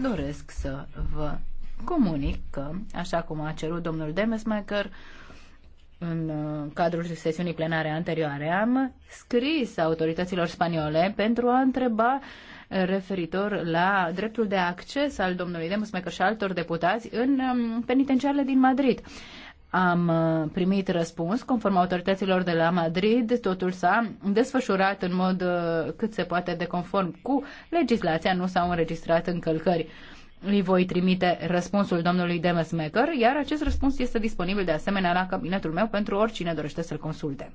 doresc să vă comunic că, așa cum a cerut domnul Demesmaker, în uh, cadrul sesiunii plenare anterioare, am scris autorităților spaniole pentru a întreba uh, referitor la dreptul de acces al domnului Demusmecă și altor deputați în um, penitenciarele din Madrid am uh, primit răspuns. Conform autorităților de la Madrid, totul s-a desfășurat în mod uh, cât se poate de conform cu legislația, nu s-au înregistrat încălcări. Îi voi trimite răspunsul domnului Demesmaker, iar acest răspuns este disponibil de asemenea la cabinetul meu pentru oricine dorește să-l consulte.